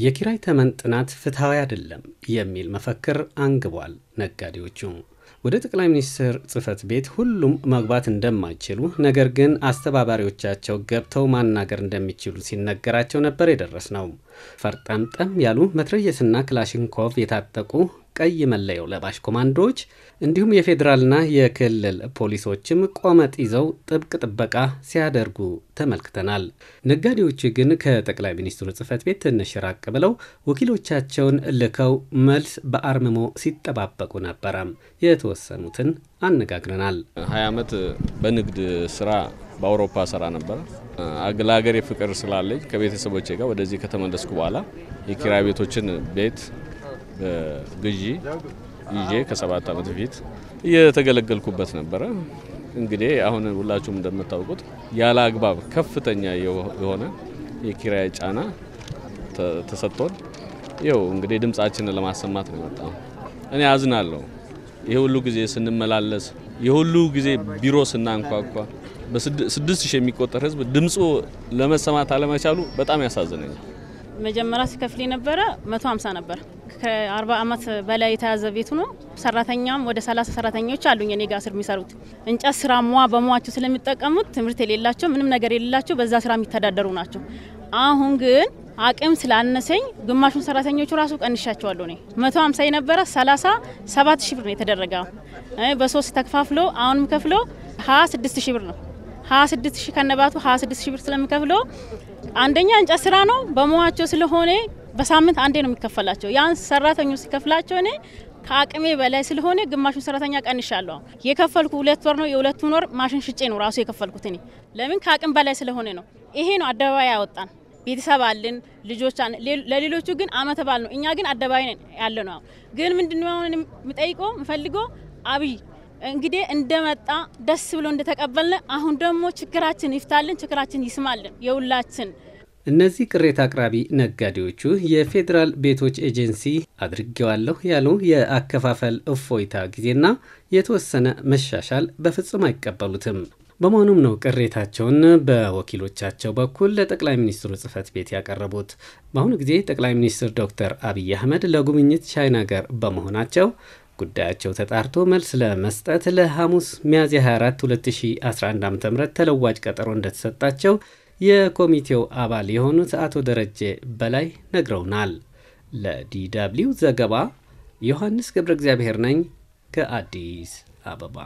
የኪራይ ተመን ጥናት ፍትሐዊ አይደለም የሚል መፈክር አንግቧል ነጋዴዎቹ። ወደ ጠቅላይ ሚኒስትር ጽህፈት ቤት ሁሉም መግባት እንደማይችሉ ነገር ግን አስተባባሪዎቻቸው ገብተው ማናገር እንደሚችሉ ሲነገራቸው ነበር የደረስ ነው። ፈርጠምጠም ያሉ መትረየስና ክላሽንኮቭ የታጠቁ ቀይ መለዮ ለባሽ ኮማንዶዎች እንዲሁም የፌዴራልና የክልል ፖሊሶችም ቆመጥ ይዘው ጥብቅ ጥበቃ ሲያደርጉ ተመልክተናል። ነጋዴዎች ግን ከጠቅላይ ሚኒስትሩ ጽህፈት ቤት ትንሽ ራቅ ብለው ወኪሎቻቸውን ልከው መልስ በአርምሞ ሲጠባበቁ ነበረ። የተወሰኑትን አነጋግረናል። ሀያ ዓመት በንግድ ስራ በአውሮፓ ስራ ነበረ። ለሀገሬ ፍቅር ስላለኝ ከቤተሰቦቼ ጋር ወደዚህ ከተመለስኩ በኋላ የኪራይ ቤቶችን ቤት ግዢ ይዤ ከሰባት ዓመት በፊት እየተገለገልኩበት ነበረ። እንግዲህ አሁን ሁላችሁም እንደምታውቁት ያለ አግባብ ከፍተኛ የሆነ የኪራይ ጫና ተሰጥቶን ይው እንግዲህ ድምጻችንን ለማሰማት ነው የመጣ እኔ አዝናለሁ። የሁሉ ሁሉ ጊዜ ስንመላለስ የሁሉ ጊዜ ቢሮ ስናንኳኳ በስድስት ሺህ የሚቆጠር ህዝብ ድምፁ ለመሰማት አለመቻሉ በጣም ያሳዝነኛል። መጀመሪያ ሲከፍል የነበረ መቶ ሀምሳ ነበር ከአርባ ዓመት በላይ የተያዘ ቤቱ ነው። ሰራተኛም ወደ ሰላሳ ሰራተኞች አሉኝ እኔ ጋር ስር የሚሰሩት እንጨት ስራ ሟ በሟቸው ስለሚጠቀሙት ትምህርት የሌላቸው ምንም ነገር የሌላቸው በዛ ስራ የሚተዳደሩ ናቸው። አሁን ግን አቅም ስላነሰኝ ግማሹን ሰራተኞቹ ራሱ ቀንሻቸዋለሁ። እኔ መቶ ሀምሳ የነበረ ሰላሳ ሰባት ሺ ብር ነው የተደረገ። በሶስት ተከፋፍሎ አሁንም ከፍሎ ሀያ ስድስት ሺ ብር ነው ሀያ ስድስት ሺ ከነባቱ ሀያ ስድስት ሺ ብር ስለሚከፍለው አንደኛ እንጨት ስራ ነው በመዋቸው ስለሆነ በሳምንት አንዴ ነው የሚከፈላቸው። ያን ሰራተኞች ሲከፍላቸው እኔ ከአቅሜ በላይ ስለሆነ ግማሹን ሰራተኛ ቀንሻለሁ። የከፈልኩ ሁለት ወር ነው። የሁለቱን ወር ማሽን ሽጬ ነው ራሱ የከፈልኩት እኔ። ለምን ከአቅም በላይ ስለሆነ ነው። ይሄ ነው አደባባይ ያወጣን። ቤተሰብ አለን፣ ልጆች ለሌሎቹ ግን አመት ባል ነው። እኛ ግን አደባባይ ያለ ነው። ግን ምንድነው የምጠይቀው የምፈልገው አብይ እንግዲህ እንደመጣ ደስ ብሎ እንደተቀበልን አሁን ደግሞ ችግራችን ይፍታልን፣ ችግራችን ይስማልን የሁላችን እነዚህ ቅሬታ አቅራቢ ነጋዴዎቹ የፌዴራል ቤቶች ኤጀንሲ አድርጌዋለሁ ያሉ የአከፋፈል እፎይታ ጊዜና የተወሰነ መሻሻል በፍጹም አይቀበሉትም። በመሆኑም ነው ቅሬታቸውን በወኪሎቻቸው በኩል ለጠቅላይ ሚኒስትሩ ጽህፈት ቤት ያቀረቡት። በአሁኑ ጊዜ ጠቅላይ ሚኒስትር ዶክተር አብይ አህመድ ለጉብኝት ቻይና በመሆናቸው ጉዳያቸው ተጣርቶ መልስ ለመስጠት ለሐሙስ ሚያዝያ 24 2011 ዓ ም ተለዋጭ ቀጠሮ እንደተሰጣቸው የኮሚቴው አባል የሆኑት አቶ ደረጀ በላይ ነግረውናል። ለዲደብሊው ዘገባ ዮሐንስ ገብረ እግዚአብሔር ነኝ ከአዲስ አበባ